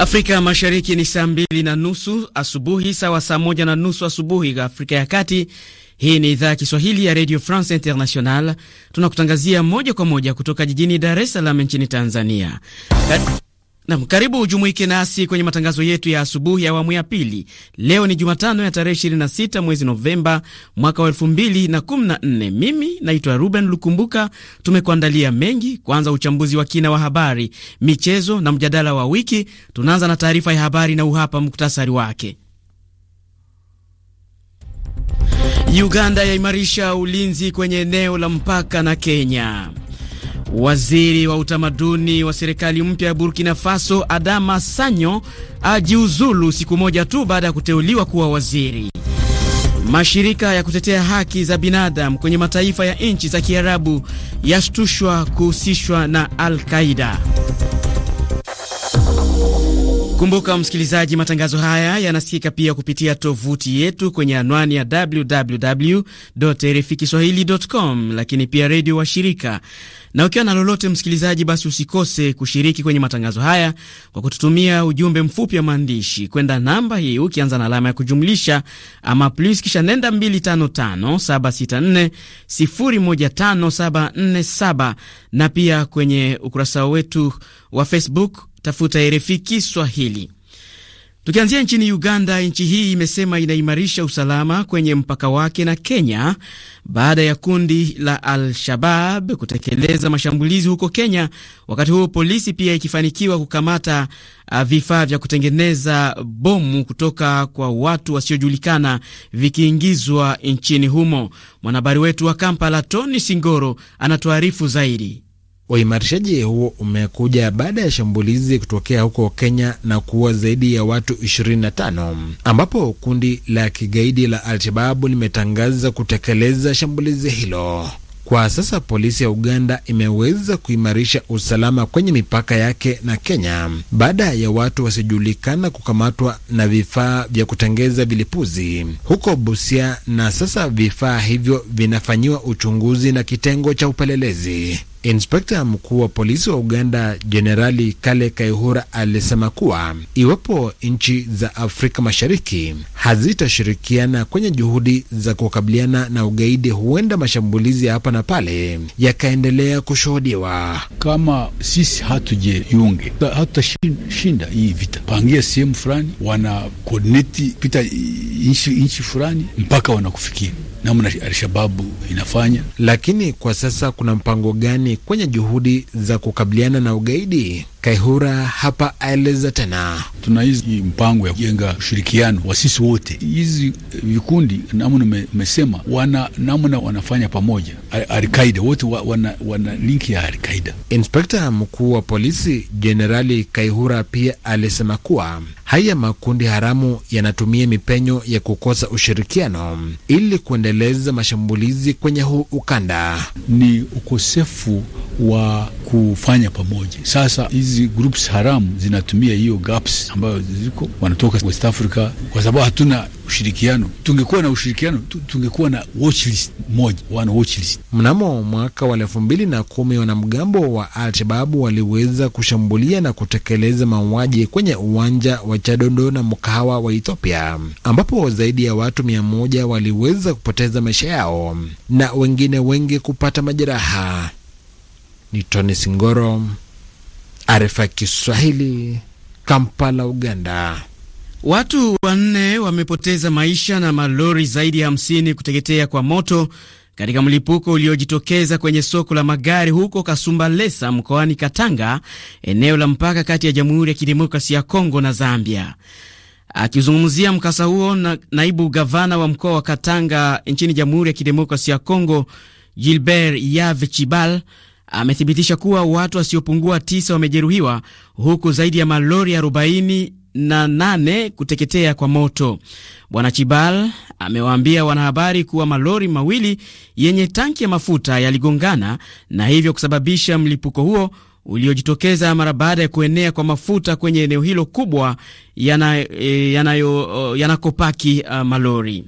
Afrika Mashariki ni saa mbili na nusu asubuhi, sawa saa moja na nusu asubuhi Afrika ya Kati. Hii ni idhaa ya Kiswahili ya Radio France International, tunakutangazia moja kwa moja kutoka jijini Dar es Salaam nchini Tanzania. Kat Nam, karibu ujumuike nasi kwenye matangazo yetu ya asubuhi ya awamu ya pili. Leo ni Jumatano ya tarehe 26 mwezi Novemba mwaka wa 2014. Mimi naitwa Ruben Lukumbuka. Tumekuandalia mengi, kwanza uchambuzi wa kina wa habari, michezo na mjadala wa wiki. Tunaanza na taarifa ya habari na uhapa muktasari wake. Uganda yaimarisha ulinzi kwenye eneo la mpaka na Kenya. Waziri wa utamaduni wa serikali mpya ya Burkina Faso Adama Sanyo ajiuzulu siku moja tu baada ya kuteuliwa kuwa waziri. Mashirika ya kutetea haki za binadamu kwenye mataifa ya nchi za Kiarabu yashtushwa kuhusishwa na Al-Qaida. Kumbuka msikilizaji, matangazo haya yanasikika pia kupitia tovuti yetu kwenye anwani ya www rfi lakini pia redio shirika na ukiwa na lolote msikilizaji, basi usikose kushiriki kwenye matangazo haya kwa kututumia ujumbe mfupi wa maandishi kwenda namba hii ukianza na alama ya kujumlisha ama plus, kisha nenda 255764015747 na pia kwenye ukurasa wetu wa Facebook tafuta RFI Kiswahili. Tukianzia nchini Uganda, nchi hii imesema inaimarisha usalama kwenye mpaka wake na Kenya baada ya kundi la Al-Shabab kutekeleza mashambulizi huko Kenya, wakati huo polisi pia ikifanikiwa kukamata uh, vifaa vya kutengeneza bomu kutoka kwa watu wasiojulikana vikiingizwa nchini humo. Mwanahabari wetu wa Kampala Tony Singoro anatuarifu zaidi. Uimarishaji huo umekuja baada ya shambulizi kutokea huko Kenya na kuua zaidi ya watu 25 ambapo kundi la kigaidi la Al-Shababu limetangaza kutekeleza shambulizi hilo. Kwa sasa polisi ya Uganda imeweza kuimarisha usalama kwenye mipaka yake na Kenya baada ya watu wasiojulikana kukamatwa na vifaa vya kutengeza vilipuzi huko Busia, na sasa vifaa hivyo vinafanyiwa uchunguzi na kitengo cha upelelezi. Inspekta mkuu wa polisi wa Uganda Jenerali Kale Kaihura alisema kuwa iwapo nchi za Afrika Mashariki hazitashirikiana kwenye juhudi za kukabiliana na ugaidi, huenda mashambulizi ya hapa na pale yakaendelea kushuhudiwa. Kama sisi hatujiunge, hatutashinda hii vita. Pangia sehemu fulani, wana kodineti pita nchi fulani mpaka wanakufikia namna Alshababu inafanya. Lakini kwa sasa kuna mpango gani kwenye juhudi za kukabiliana na ugaidi? Kaihura hapa aeleza tena, tuna hizi mpango ya kujenga ushirikiano wa sisi wote, hizi vikundi namna nimesema, wana namna wanafanya pamoja Alkaida wote wa, wana, wana linki ya Alkaida. Inspekta mkuu wa polisi Jenerali Kaihura pia alisema kuwa haya makundi haramu yanatumia mipenyo ya kukosa ushirikiano ili kuendeleza mashambulizi kwenye huu ukanda, ni ukosefu wa kufanya pamoja. Sasa hizi hizi groups haram zinatumia hiyo gaps ambayo ziko wanatoka West Africa, kwa sababu hatuna ushirikiano. Tungekuwa na ushirikiano, tungekuwa na watchlist moja, wana watchlist. Mnamo mwaka wa elfu mbili na kumi wanamgambo wa Alshababu waliweza kushambulia na kutekeleza mauaji kwenye uwanja wa Chadondo na mkahawa wa Ethiopia, ambapo zaidi ya watu mia moja waliweza kupoteza maisha yao na wengine wengi kupata majeraha. Ni Tony Singoro, Arifa Kiswahili, Kampala, Uganda. Watu wanne wamepoteza maisha na malori zaidi ya hamsini kuteketea kwa moto katika mlipuko uliojitokeza kwenye soko la magari huko Kasumbalesa mkoani Katanga, eneo la mpaka kati ya Jamhuri ya Kidemokrasia ya Kongo na Zambia. Akizungumzia mkasa huo na, naibu gavana wa mkoa wa Katanga nchini Jamhuri ya Kidemokrasia ya Kongo Gilbert Yave Chibal amethibitisha kuwa watu wasiopungua tisa wamejeruhiwa huku zaidi ya malori arobaini na nane kuteketea kwa moto. Bwana Chibal amewaambia wanahabari kuwa malori mawili yenye tanki ya mafuta yaligongana na hivyo kusababisha mlipuko huo uliojitokeza mara baada ya kuenea kwa mafuta kwenye eneo hilo kubwa eh, oh, yanakopaki yana, yana uh, malori.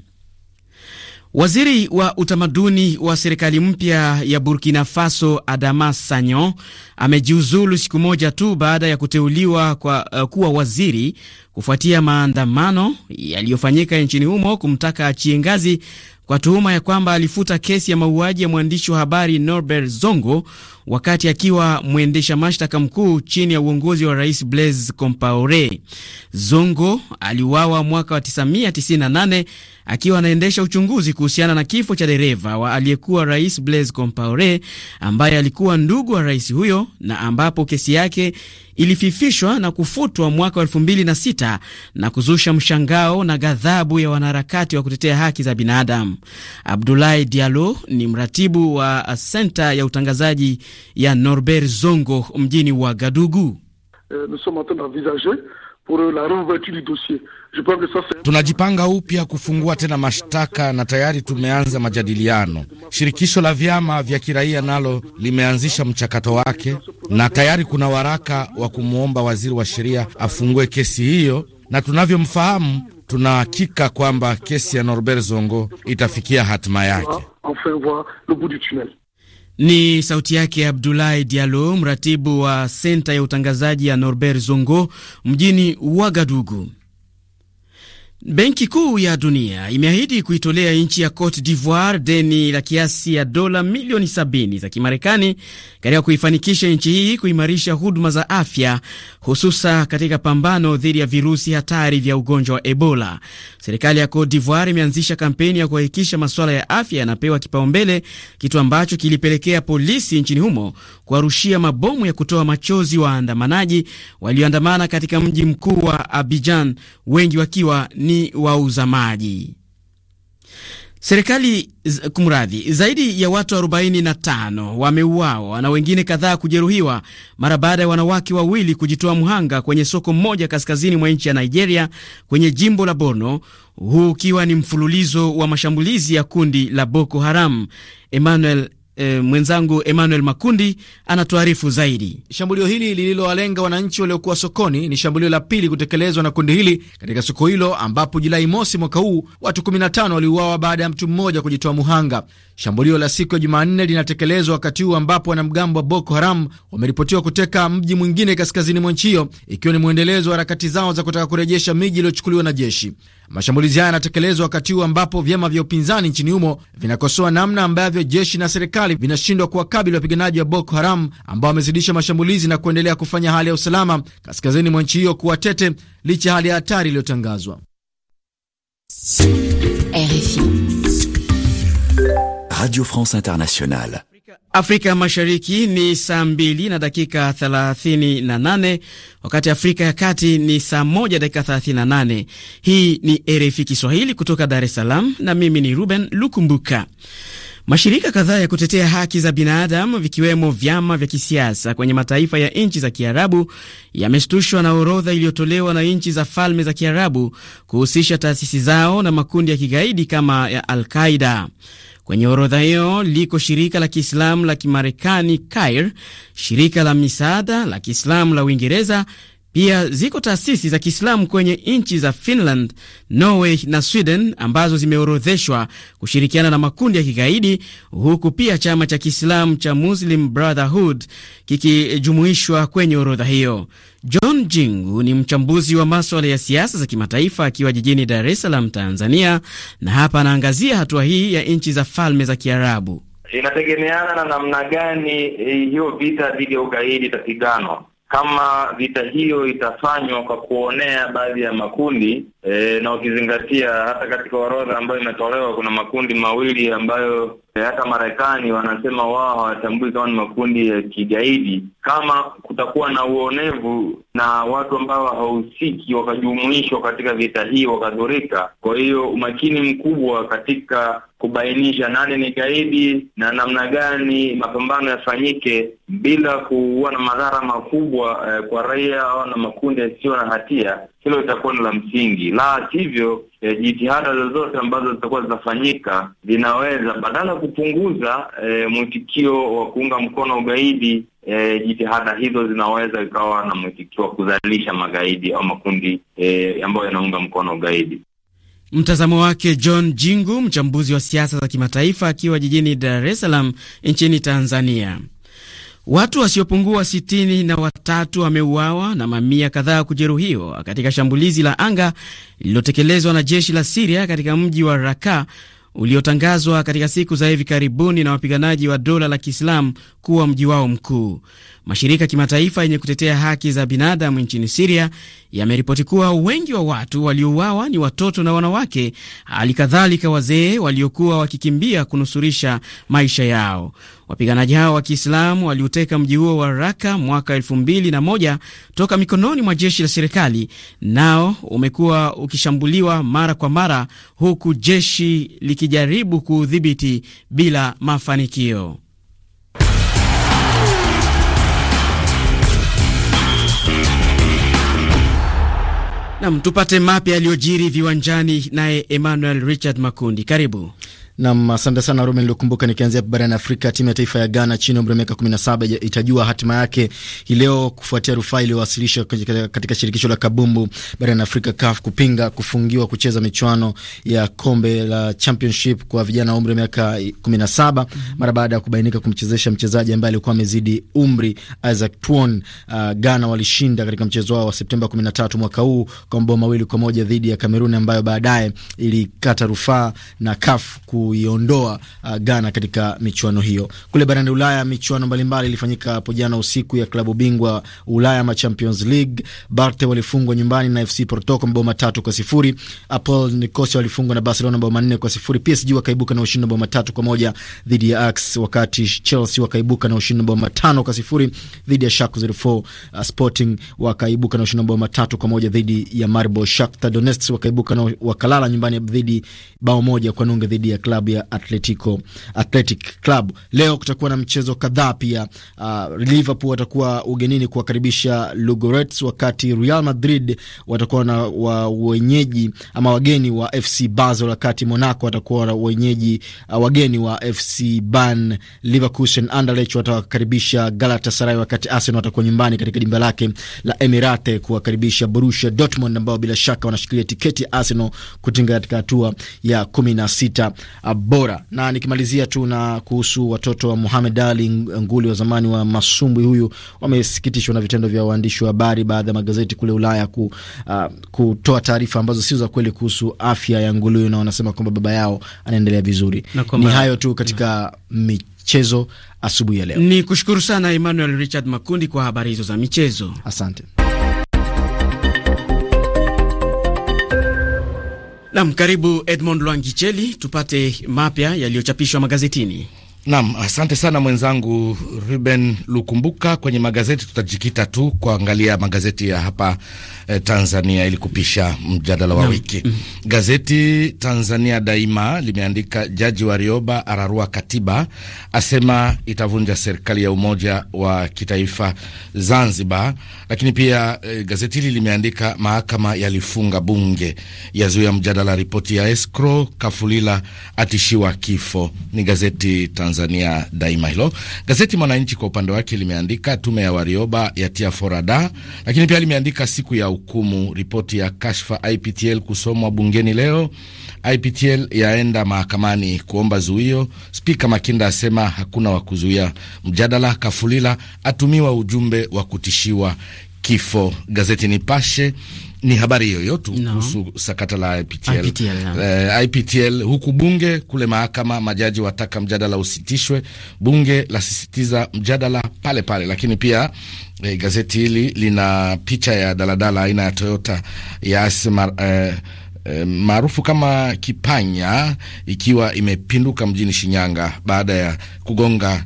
Waziri wa utamaduni wa serikali mpya ya Burkina Faso Adama sanyon amejiuzulu siku moja tu baada ya kuteuliwa kwa, uh, kuwa waziri kufuatia maandamano yaliyofanyika nchini humo kumtaka achie ngazi kwa tuhuma ya kwamba alifuta kesi ya mauaji ya mwandishi wa habari Norbert Zongo wakati akiwa mwendesha mashtaka mkuu chini ya uongozi wa Rais Blaise Compaore. Zongo aliuawa mwaka wa 998 akiwa anaendesha uchunguzi kuhusiana na kifo cha dereva wa aliyekuwa rais Blaise Compaore ambaye alikuwa ndugu wa rais huyo na ambapo kesi yake ilififishwa na kufutwa mwaka wa elfu mbili na sita na kuzusha mshangao na ghadhabu ya wanaharakati wa kutetea haki za binadamu. Abdoulaye Diallo ni mratibu wa senta ya utangazaji ya Norbert Zongo mjini Ouagadougou. Eh, Tunajipanga upya kufungua tena mashtaka na tayari tumeanza majadiliano. Shirikisho la vyama vya kiraia nalo limeanzisha mchakato wake, na tayari kuna waraka wa kumwomba waziri wa sheria afungue kesi hiyo, na tunavyomfahamu, tunahakika kwamba kesi ya Norbert Zongo itafikia hatima yake. Ni sauti yake Abdoulaye Diallo, mratibu wa senta ya utangazaji ya Norbert Zongo mjini Ouagadougou. Benki Kuu ya Dunia imeahidi kuitolea nchi ya Cote d'Ivoire deni la kiasi ya dola milioni sabini za Kimarekani katika kuifanikisha nchi hii kuimarisha huduma za afya, hususa katika pambano dhidi ya virusi hatari vya ugonjwa wa Ebola. Serikali ya Cote d'Ivoire imeanzisha kampeni ya kuhakikisha masuala ya afya yanapewa kipaumbele, kitu ambacho kilipelekea polisi nchini humo kuwarushia mabomu ya kutoa machozi waandamanaji walioandamana katika mji mkuu wa Abidjan, wengi wakiwa ni wauza maji. Serikali kumradhi, zaidi ya watu 45 wameuawa na wengine kadhaa kujeruhiwa mara baada ya wanawake wawili kujitoa mhanga kwenye soko mmoja kaskazini mwa nchi ya Nigeria kwenye jimbo la Borno, huu ukiwa ni mfululizo wa mashambulizi ya kundi la Boko Haram. Emmanuel E, mwenzangu Emmanuel Makundi anatuarifu zaidi. Shambulio hili lililowalenga wananchi waliokuwa sokoni ni shambulio la pili kutekelezwa na kundi hili katika soko hilo, ambapo Julai mosi mwaka huu watu 15 waliuawa baada ya mtu mmoja kujitoa muhanga. Shambulio la siku ya Jumanne linatekelezwa wakati huu ambapo wanamgambo wa Boko Haram wameripotiwa kuteka mji mwingine kaskazini mwa nchi hiyo, ikiwa ni mwendelezo wa harakati zao za kutaka kurejesha miji iliyochukuliwa na jeshi. Mashambulizi haya yanatekelezwa wakati huu ambapo vyama vya upinzani nchini humo vinakosoa namna ambavyo jeshi na serikali vinashindwa kuwakabili wapiganaji wa Boko Haram ambao wamezidisha mashambulizi na kuendelea kufanya hali ya usalama kaskazini mwa nchi hiyo kuwa tete licha ya hali ya hatari iliyotangazwa. Radio France Internationale Afrika Mashariki ni saa mbili na dakika thelathini na nane wakati Afrika ya Kati ni saa moja dakika thelathini na nane Hii ni RFI Kiswahili kutoka Dar es Salaam na mimi ni Ruben Lukumbuka. Mashirika kadhaa ya kutetea haki za binadamu vikiwemo vyama vya kisiasa kwenye mataifa ya nchi za Kiarabu yameshtushwa na orodha iliyotolewa na nchi za Falme za Kiarabu kuhusisha taasisi zao na makundi ya kigaidi kama ya Al-Qaida. Kwenye orodha hiyo liko shirika la Kiislamu la Kimarekani CAIR, shirika la misaada la Kiislamu la Uingereza pia ziko taasisi za Kiislamu kwenye nchi za Finland, Norway na Sweden ambazo zimeorodheshwa kushirikiana na makundi ya kigaidi, huku pia chama cha Kiislamu cha Muslim Brotherhood kikijumuishwa kwenye orodha hiyo. John Jingu ni mchambuzi wa maswala ya siasa za kimataifa akiwa jijini Dar es Salaam, Tanzania, na hapa anaangazia hatua hii ya nchi za Falme za Kiarabu. Inategemeana na namna gani eh, hiyo vita dhidi ya ugaidi itapiganwa kama vita hiyo itafanywa kwa kuonea baadhi ya makundi e, na ukizingatia hata katika orodha ambayo imetolewa kuna makundi mawili ambayo E, hata Marekani wanasema wao hawatambui kama ni makundi ya kigaidi. Kama kutakuwa na uonevu na watu ambao hawahusiki wakajumuishwa katika vita hii wakadhurika, kwa hiyo umakini mkubwa katika kubainisha nani ni gaidi na namna gani mapambano yafanyike bila kuwa na madhara makubwa eh, kwa raia au na makundi yasiyo na hatia hilo litakuwa ni la msingi, la sivyo e, eh, jitihada zozote ambazo zitakuwa zinafanyika zinaweza badala ya kupunguza e, mwitikio wa kuunga mkono ugaidi e, jitihada hizo zinaweza ikawa na mwitikio wa kuzalisha magaidi au makundi e, ambayo yanaunga mkono ugaidi. Mtazamo wake John Jingu, mchambuzi wa siasa za kimataifa, akiwa jijini Dar es Salaam nchini Tanzania. Watu wasiopungua sitini na watatu wameuawa na mamia kadhaa kujeruhiwa katika shambulizi la anga lililotekelezwa na jeshi la Siria katika mji wa Raka uliotangazwa katika siku za hivi karibuni na wapiganaji wa dola la Kiislamu kuwa mji wao mkuu. Mashirika ya kimataifa yenye kutetea haki za binadamu nchini Siria yameripoti kuwa wengi wa watu waliouawa ni watoto na wanawake, hali kadhalika wazee waliokuwa wakikimbia kunusurisha maisha yao. Wapiganaji hao wa Kiislamu waliuteka mji huo wa Raka mwaka elfu mbili na moja toka mikononi mwa jeshi la serikali, nao umekuwa ukishambuliwa mara kwa mara, huku jeshi likijaribu kuudhibiti bila mafanikio. Nam, tupate mapya yaliyojiri viwanjani, naye Emmanuel Richard Makundi, karibu. Nam, asante sana Rome Likumbuka. Nikianzia barani Afrika, timu ya taifa ya Ghana chini ya umri wa miaka 17 itajua hatima yake hii leo kufuatia rufaa iliyowasilishwa katika shirikisho la kabumbu barani Afrika, CAF, kupinga kufungiwa kucheza michuano ya kombe la championship kwa vijana wa umri wa miaka 17 mhm. mara baada ya kubainika kumchezesha mchezaji ambaye alikuwa amezidi umri, Isaac Twon. Uh, Ghana walishinda katika mchezo wao wa Septemba 13 mwaka huu kwa mabao mawili kwa moja dhidi ya Kamerun ambayo baadaye ilikata rufaa na CAF ku kuiondoa uh, Ghana katika michuano hiyo. Kule barani Ulaya, michuano mbalimbali ilifanyika hapo jana usiku ya klabu bingwa Ulaya ma Champions League. Barte walifungwa nyumbani na FC Porto kwa mabao matatu kwa sifuri. Apol Nicosia walifungwa na Barcelona mabao manne kwa sifuri. PSG wakaibuka na ushindi mabao matatu kwa moja dhidi ya Ajax, wakati Chelsea wakaibuka na ushindi mabao matano kwa sifuri dhidi ya Schalke 04. Uh, Sporting wakaibuka na ushindi mabao matatu kwa moja dhidi ya Maribor. Shakhtar Donetsk wakaibuka na wakalala nyumbani dhidi bao moja kwa nunge dhidi ya klabu ya Atletico, Athletic Club. Leo kutakuwa na mchezo kadhaa pia. Uh, Liverpool watakuwa ugenini kuwakaribisha Lugorets, wakati Real Madrid watakuwa na wa wenyeji ama wageni wa FC Basel, wakati Monaco watakuwa na wenyeji uh, wageni wa FC ban Leverkusen Anderlecht watawakaribisha Galatasaray, wakati Arsenal watakuwa nyumbani katika dimba lake la Emirate kuwakaribisha Borussia Dortmund ambao bila shaka wanashikilia tiketi ya Arsenal kutinga katika hatua ya kumi na sita Uh, bora. Na nikimalizia tu na kuhusu watoto wa Muhamed Ali nguli wa zamani wa masumbwi huyu, wamesikitishwa na vitendo vya waandishi wa habari, baadhi ya magazeti kule Ulaya ku, uh, kutoa taarifa ambazo sio za kweli kuhusu afya ya nguli huyu, na wanasema kwamba baba yao anaendelea vizuri. Ni hayo tu katika michezo asubuhi ya leo. Ni kushukuru sana Emmanuel Richard Makundi kwa habari hizo za michezo, asante. Nam, karibu Edmond Lwangicheli, tupate mapya yaliyochapishwa magazetini. Nam, asante sana mwenzangu Ruben Lukumbuka. Kwenye magazeti tutajikita tu kuangalia magazeti ya hapa eh, Tanzania ili kupisha mjadala wa wiki. mm. Gazeti Tanzania Daima limeandika Jaji Warioba ararua katiba, asema itavunja serikali ya umoja wa kitaifa Zanzibar. Lakini pia eh, gazeti hili limeandika mahakama yalifunga bunge, yazuia mjadala ripoti ya escrow, Kafulila atishiwa kifo. Ni gazeti Tanzania Tanzania Daima. Hilo gazeti Mwananchi kwa upande wake limeandika tume ya Warioba yatia forada, lakini pia limeandika siku ya hukumu, ripoti ya kashfa IPTL kusomwa bungeni leo, IPTL yaenda mahakamani kuomba zuio, Spika Makinda asema hakuna wa kuzuia mjadala, Kafulila atumiwa ujumbe wa kutishiwa kifo. Gazeti Nipashe ni habari yoyote kuhusu no. sakata la IPTL, IPTL, no. eh, IPTL huku bunge kule mahakama majaji wataka mjadala usitishwe, bunge lasisitiza mjadala pale pale, lakini pia eh, gazeti hili lina picha ya daladala aina ya Toyota ya asma, eh, E, maarufu kama Kipanya ikiwa imepinduka mjini Shinyanga baada ya kugonga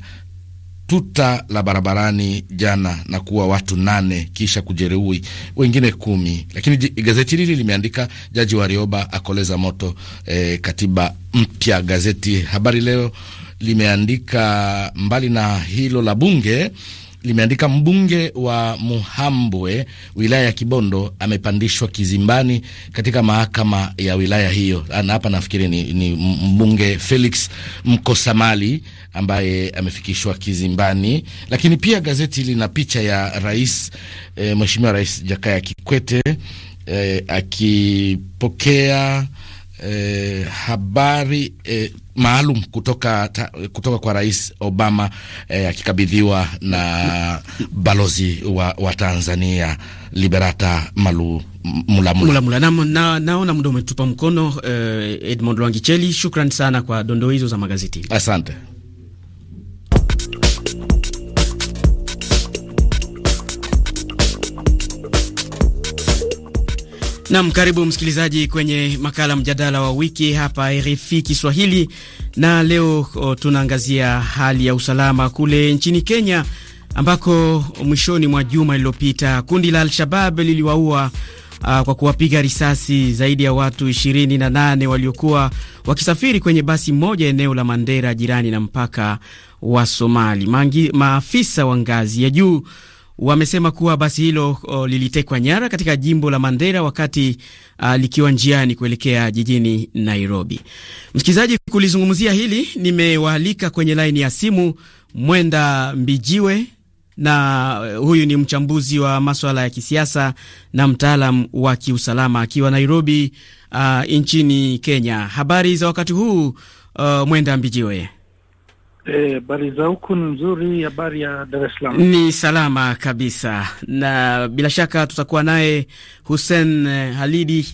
tuta la barabarani jana na kuwa watu nane kisha kujeruhi wengine kumi. Lakini gazeti hili limeandika Jaji Warioba akoleza moto e, katiba mpya. Gazeti Habari Leo limeandika mbali na hilo la bunge limeandika mbunge wa Muhambwe wilaya ya Kibondo amepandishwa kizimbani katika mahakama ya wilaya hiyo, na hapa nafikiri ni, ni mbunge Felix Mkosamali ambaye amefikishwa kizimbani. Lakini pia gazeti lina picha ya rais e, mheshimiwa Rais Jakaya Kikwete e, akipokea e, habari e, maalum kutoka, ta, kutoka kwa Rais Obama eh, akikabidhiwa na balozi wa, wa Tanzania Liberata Malu Mulamula. Mula, naona na, na muda umetupa mkono eh, Edmond Lwangicheli, shukran sana kwa dondoo hizo za magazeti, asante. Nam, karibu msikilizaji kwenye makala mjadala wa wiki hapa RFI Kiswahili, na leo tunaangazia hali ya usalama kule nchini Kenya ambako mwishoni mwa juma lililopita kundi la Al-Shabab liliwaua uh, kwa kuwapiga risasi zaidi ya watu 28 waliokuwa wakisafiri kwenye basi moja eneo la Mandera jirani na mpaka wa Somali. Mangi, maafisa wa ngazi ya juu wamesema kuwa basi hilo o, lilitekwa nyara katika jimbo la Mandera wakati a, likiwa njiani kuelekea jijini Nairobi. Msikilizaji, kulizungumzia hili nimewaalika kwenye laini ya simu Mwenda Mbijiwe na huyu ni mchambuzi wa maswala ya kisiasa na mtaalam wa kiusalama akiwa Nairobi, uh, nchini Kenya. Habari za wakati huu, uh, Mwenda Mbijiwe? Eh, habari e, za huku ni nzuri. Habari ya, Dar es Salaam ni salama kabisa, na bila shaka tutakuwa naye Hussein eh, Halidi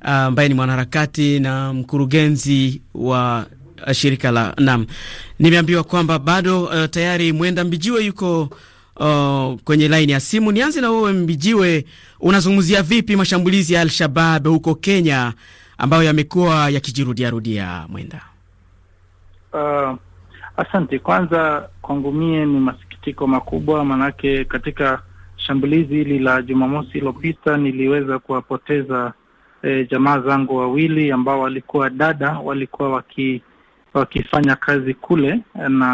ah, ambaye ni mwanaharakati na mkurugenzi wa eh, shirika la NAM. Nimeambiwa kwamba bado uh, tayari Mwenda Mbijiwe yuko uh, kwenye laini ya simu. Nianze na wewe Mbijiwe, unazungumzia vipi mashambulizi ya Al-Shabab huko Kenya ambayo yamekuwa yakijirudiarudia Mwenda? uh... Asante. Kwanza kwangu mie ni masikitiko makubwa, manake katika shambulizi hili la Jumamosi iliopita niliweza kuwapoteza e, jamaa zangu wawili ambao walikuwa dada, walikuwa waki, wakifanya kazi kule, na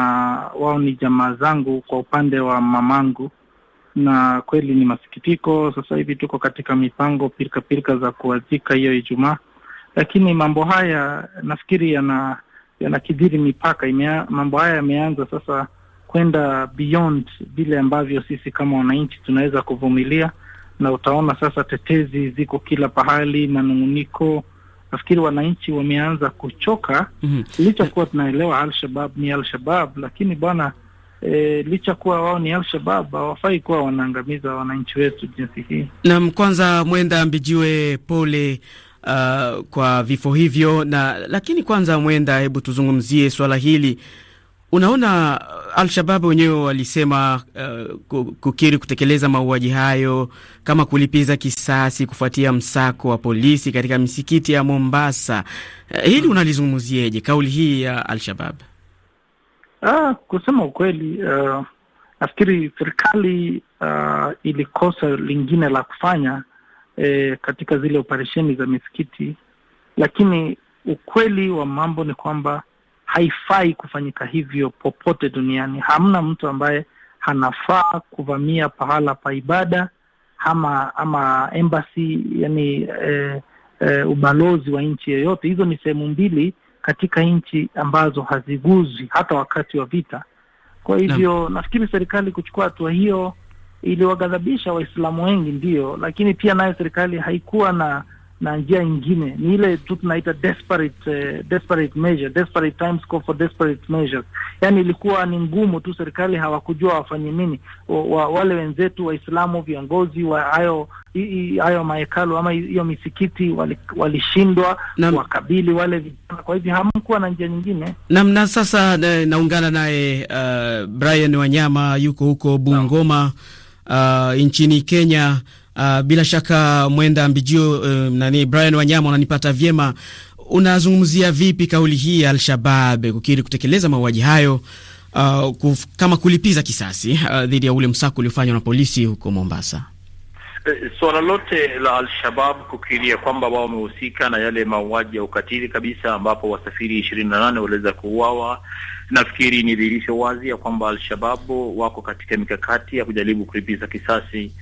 wao ni jamaa zangu kwa upande wa mamangu, na kweli ni masikitiko. Sasa hivi tuko katika mipango pirikapirika za kuwazika hiyo Ijumaa, lakini mambo haya nafikiri yana yanakidhiri mipaka. Imea, mambo haya yameanza sasa kwenda beyond vile ambavyo sisi kama wananchi tunaweza kuvumilia, na utaona sasa tetezi ziko kila pahali, manung'uniko. Nafikiri wananchi wameanza kuchoka mm -hmm. Licha kuwa tunaelewa Alshabab ni Alshabab, lakini bwana E, licha kuwa wao ni alshabab hawafai kuwa wanaangamiza wananchi wetu jinsi hii. Naam, kwanza Mwenda Mbijiwe, pole uh, kwa vifo hivyo na lakini, kwanza Mwenda, hebu tuzungumzie swala hili. Unaona, uh, alshabab wenyewe walisema uh, kukiri kutekeleza mauaji hayo kama kulipiza kisasi kufuatia msako wa polisi katika misikiti ya Mombasa. Uh, hili unalizungumzieje, kauli hii ya alshabab Ah, kusema ukweli, uh, nafikiri serikali uh, ilikosa lingine la kufanya e, katika zile operesheni za misikiti, lakini ukweli wa mambo ni kwamba haifai kufanyika hivyo popote duniani. Hamna mtu ambaye anafaa kuvamia pahala pa ibada ama ama embassy, yani e, e, ubalozi wa nchi yoyote. Hizo ni sehemu mbili katika nchi ambazo haziguzwi hata wakati wa vita. Kwa hivyo nafikiri serikali kuchukua hatua hiyo iliwaghadhabisha Waislamu wengi ndio lakini pia nayo serikali haikuwa na na njia ingine, ni ile tu tunaita desperate, eh, desperate measure, desperate times call for desperate measures. Yani ilikuwa ni ngumu tu, serikali hawakujua wafanye nini. Wa, wale wenzetu Waislamu viongozi wa hayo hayo mahekalu ama hiyo misikiti walishindwa wali wakabili wale vijana, kwa hivyo hamkuwa na njia nyingine nam. Na sasa eh, naungana naye uh, Brian Wanyama yuko huko Bungoma no uh, nchini Kenya. Uh, bila shaka mwenda mbijio uh, nani Brian Wanyama, unanipata vyema. Unazungumzia vipi kauli hii ya Al-Shabab kukiri kutekeleza mauaji hayo uh, kuf, kama kulipiza kisasi uh, dhidi ya ule msako uliofanywa na polisi huko Mombasa? Eh, suala lote la Al-Shabab kukiria kwamba wao wamehusika na yale mauaji ya ukatili kabisa, ambapo wasafiri ishirini na nane waliweza kuuawa nafikiri ni dhihirisho wazi ya kwamba Alshababu wako katika mikakati ya kujaribu kulipiza kisasi,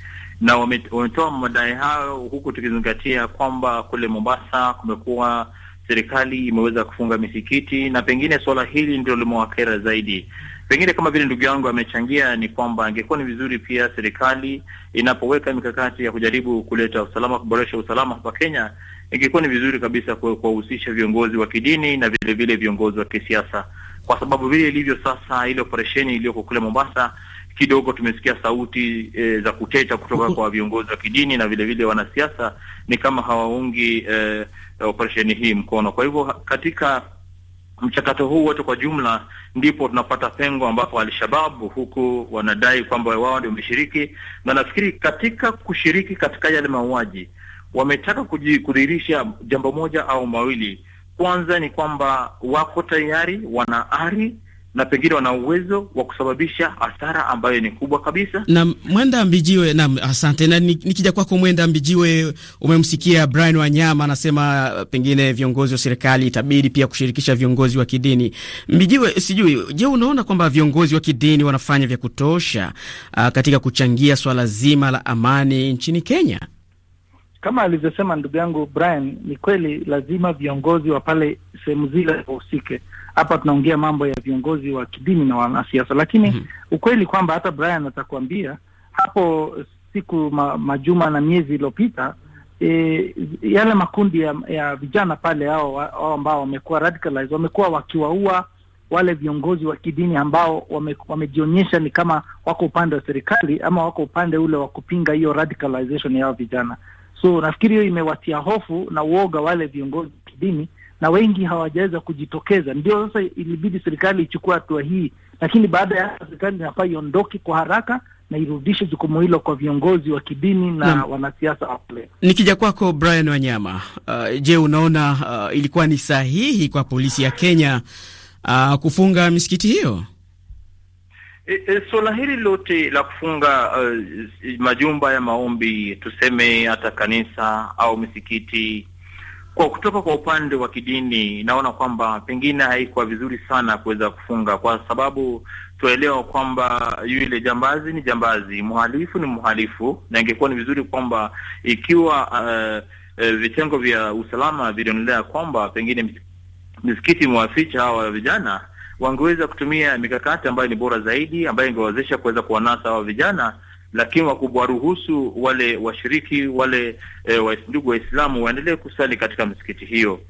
na wametoa madai hayo huku tukizingatia kwamba kule Mombasa kumekuwa serikali imeweza kufunga misikiti, na pengine suala hili ndio limewakera zaidi. Pengine kama vile ndugu yangu amechangia, ni kwamba ingekuwa ni vizuri pia serikali inapoweka mikakati ya kujaribu kuleta usalama, kuboresha usalama hapa Kenya, ingekuwa ni vizuri kabisa kuwahusisha viongozi wa kidini na vilevile vile viongozi wa kisiasa kwa sababu vile ilivyo sasa, ile operesheni iliyoko kule Mombasa kidogo tumesikia sauti e, za kuteta kutoka kwa viongozi wa kidini na vile vile wanasiasa, ni kama hawaungi e, operesheni hii mkono. Kwa hivyo katika mchakato huu wote kwa jumla, ndipo tunapata pengo ambapo Alshababu huku wanadai kwamba wao ndio wameshiriki, na nafikiri katika kushiriki katika yale mauaji wametaka kudhihirisha jambo moja au mawili kwanza ni kwamba wako tayari, wana ari na pengine wana uwezo wa kusababisha hasara ambayo ni kubwa kabisa. Na Mwenda Mbijiwe, na asante. Na nikija kwako Mwenda Mbijiwe, umemsikia Brian Wanyama anasema uh, pengine viongozi wa serikali itabidi pia kushirikisha viongozi wa kidini. Mbijiwe, sijui, je, unaona kwamba viongozi wa kidini wanafanya vya kutosha, uh, katika kuchangia swala zima la amani nchini Kenya? kama alivyosema ndugu yangu Brian, ni kweli, lazima viongozi wa pale sehemu zile wahusike. Hapa tunaongea mambo ya viongozi wa kidini na wanasiasa, lakini mm -hmm. ukweli kwamba hata Brian atakuambia hapo siku ma, majuma na miezi iliyopita e, yale makundi ya, ya vijana pale hao ambao wamekuwa radicalized wamekuwa wakiwaua wale viongozi wa kidini ambao wame, wamejionyesha ni kama wako upande wa serikali ama wako upande ule wa kupinga hiyo radicalization yao vijana. So nafikiri hiyo imewatia hofu na uoga wale viongozi wa kidini, na wengi hawajaweza kujitokeza. Ndio sasa ilibidi serikali ichukue hatua hii, lakini baada ya hapo serikali inafaa iondoke kwa haraka na irudishe jukumu hilo kwa viongozi wa kidini na, hmm, wanasiasa wale. Nikija kwako Brian Wanyama, uh, je, unaona uh, ilikuwa ni sahihi kwa polisi ya Kenya uh, kufunga misikiti hiyo? E, e, suala hili lote la kufunga uh, majumba ya maombi tuseme hata kanisa au misikiti, kwa kutoka kwa upande wa kidini, naona kwamba pengine haikuwa vizuri sana kuweza kufunga, kwa sababu tuelewa kwamba yule jambazi ni jambazi, mhalifu ni mhalifu, na ingekuwa ni vizuri kwamba ikiwa uh, uh, vitengo vya usalama vilionelea kwamba pengine misikiti imewaficha hawa vijana wangeweza kutumia mikakati ambayo ni bora zaidi, ambayo ingewawezesha kuweza kuwanasa hawa vijana, lakini wakuwaruhusu wale washiriki wale eh, ndugu e, wa Waislamu waendelee kusali katika misikiti hiyo.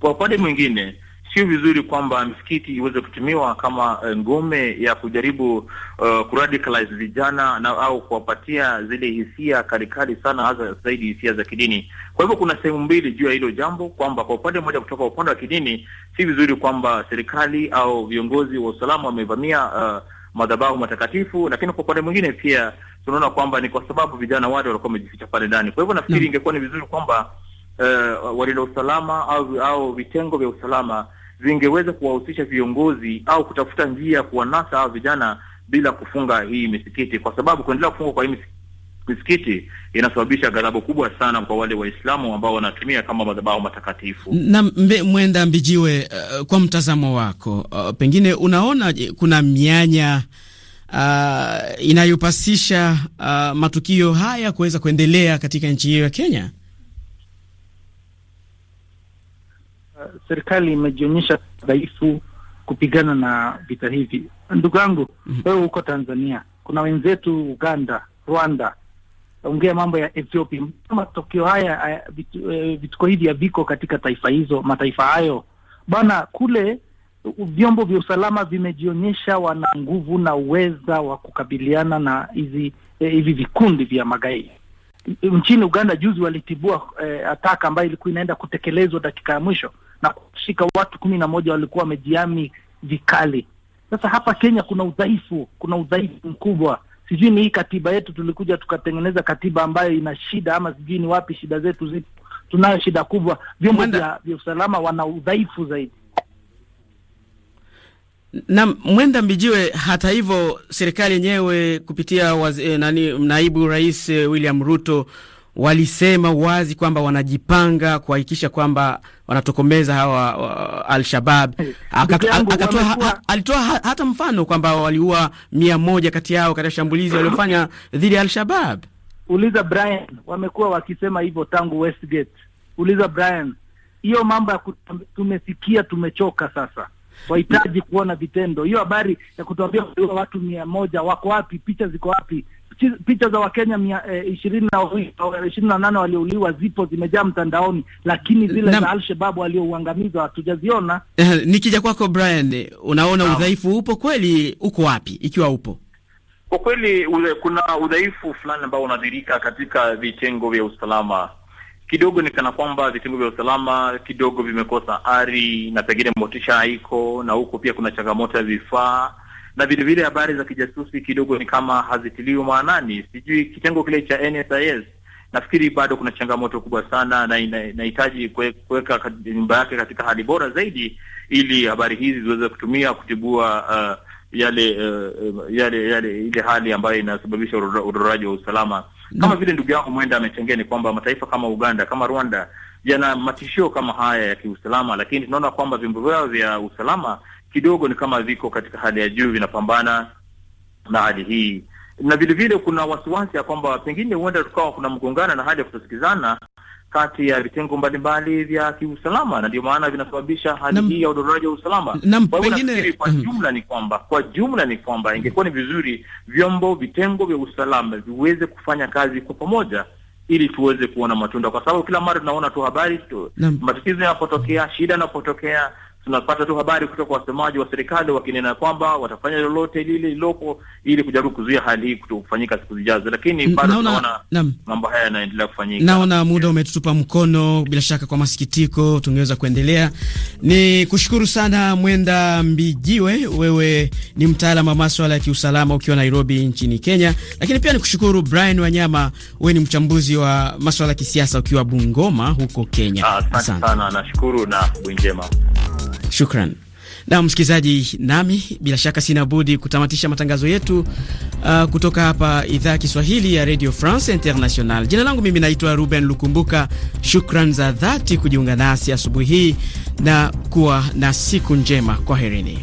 Kwa upande mwingine sio vizuri kwamba misikiti iweze kutumiwa kama eh, ngome ya kujaribu uh, kuradicalize vijana na au kuwapatia zile hisia kalikali sana, hasa zaidi hisia za kidini. Kwa hivyo kuna sehemu mbili juu ya hilo jambo, kwamba kwa upande mmoja, kutoka upande wa kidini, si vizuri kwamba serikali au viongozi wa usalama wamevamia uh, madhabahu matakatifu, lakini kwa upande mwingine pia tunaona kwamba ni kwa sababu vijana wale walikuwa wamejificha pale ndani. Kwa hivyo nafikiri ingekuwa ni vizuri kwamba uh, walinda usalama au, au vitengo vya usalama zingeweza kuwahusisha viongozi au kutafuta njia ya kuwanasa hawa vijana bila kufunga hii misikiti, kwa sababu kuendelea kufungwa kwa hii misikiti inasababisha ghadhabu kubwa sana kwa wale Waislamu ambao wanatumia kama madhabahu matakatifu. Na mbe, Mwenda Mbijiwe, uh, kwa mtazamo wako, uh, pengine unaona kuna mianya uh, inayopasisha uh, matukio haya kuweza kuendelea katika nchi hiyo ya Kenya? serikali imejionyesha dhaifu kupigana na vita hivi. Ndugu yangu mhm. wewe, mm -hmm. Tanzania, kuna wenzetu Uganda, Rwanda, ongea mambo ya Ethiopia. Matokeo haya eh, vituko hivi haviko katika taifa hizo, mataifa hayo bana. Kule vyombo vya usalama vimejionyesha wana nguvu na uweza wa kukabiliana na hizi eh, hivi vikundi vya magaidi. Nchini Uganda juzi walitibua eh, ataka ambayo ilikuwa inaenda kutekelezwa dakika ya mwisho na kushika watu kumi na moja walikuwa wamejiami vikali. Sasa hapa Kenya kuna udhaifu, kuna udhaifu mkubwa. Sijui ni hii katiba yetu, tulikuja tukatengeneza katiba ambayo ina shida, ama sijui ni wapi shida zetu zipo. Tunayo shida kubwa, vyombo vya usalama wana udhaifu zaidi na Mwenda Mbijiwe. Hata hivyo serikali yenyewe kupitia e, nani naibu rais eh, William Ruto walisema wazi kwamba wanajipanga kuhakikisha kwamba wanatokomeza hawa uh, Al-Shabab. Akatoa ha, alitoa ha, hata mfano kwamba waliua mia moja kati yao katika shambulizi waliofanya dhidi ya Al-Shabab. Uliza Brian, wamekuwa wakisema hivyo tangu Westgate. Uliza Brian, hiyo mambo ya tumesikia, tumechoka sasa wahitaji kuona vitendo. Hiyo habari ya kutuambia watu mia moja wako wapi? Picha ziko wapi? picha za Wakenya mia eh, ishirini na eh, ishirini na nane waliouliwa zipo zimejaa mtandaoni, lakini zile na... za Alshababu waliouangamiza hatujaziona. Eh, nikija kwako Brian, unaona udhaifu upo kweli, uko wapi ikiwa upo? Kwa kweli kuna udhaifu fulani ambao unadhirika katika vitengo vya usalama kidogo ni kana kwamba vitengo vya usalama kidogo vimekosa ari na pengine motisha haiko, na huko pia kuna changamoto ya vifaa na vile vile habari za kijasusi kidogo ni kama hazitiliwi maanani. Sijui kitengo kile cha NSIS, nafikiri bado kuna changamoto kubwa sana, na inahitaji kuweka nyumba yake katika hali bora zaidi, ili habari hizi ziweze kutumia kutibua uh, yale, uh, um, yale yale ile hali ambayo inasababisha udoraji wa usalama kama vile ndugu yangu mwenda amechangia ni kwamba mataifa kama Uganda kama Rwanda yana matishio kama haya ya kiusalama, lakini tunaona kwamba vyombo vyao vya usalama kidogo ni kama viko katika hali ya juu, vinapambana na hali hii, na vile vile kuna wasiwasi ya kwamba pengine huenda tukawa kuna mgongana na hali ya kutosikizana kati ya vitengo mbalimbali vya kiusalama, na ndio maana vinasababisha hali hii ya udoraji wa usalama. Kwa pengine, nafikiri kwa mhm. jumla ni kwamba kwa jumla ni kwamba ingekuwa ni vizuri vyombo, vitengo vya usalama viweze kufanya kazi kwa pamoja ili tuweze kuona matunda, kwa sababu kila mara tunaona tu habari tu, matatizo yanapotokea, shida yanapotokea tunapata tu habari kutoka kwa wasemaji wa serikali wakinena kwamba watafanya lolote lile lilopo ili kujaribu kuzuia hali hii kutofanyika siku zijazo, lakini bado tunaona mambo haya yanaendelea kufanyika. Naona muda umetutupa mkono, bila shaka kwa masikitiko tungeweza kuendelea. Ni kushukuru sana Mwenda Mbijiwe, wewe ni mtaalamu wa masuala ya kiusalama ukiwa Nairobi nchini Kenya, lakini pia nikushukuru Brian Wanyama, wewe ni mchambuzi wa masuala ya kisiasa ukiwa Bungoma huko Kenya. Asante sana, nashukuru na asubuhi njema. Shukran. Na msikilizaji, nami bila shaka sina budi kutamatisha matangazo yetu uh, kutoka hapa idhaa ya Kiswahili ya Radio France International. Jina langu mimi naitwa Ruben Lukumbuka. Shukran za dhati kujiunga nasi asubuhi hii na kuwa na siku njema. Kwaherini.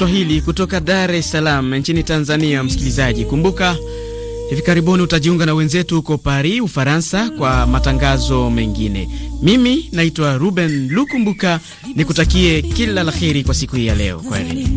Kiswahili kutoka Dar es Salaam nchini Tanzania. Msikilizaji, kumbuka hivi karibuni utajiunga na wenzetu huko Paris, Ufaransa, kwa matangazo mengine. Mimi naitwa Ruben Lukumbuka, nikutakie kila la heri kwa siku hii ya leo. Kwaheri.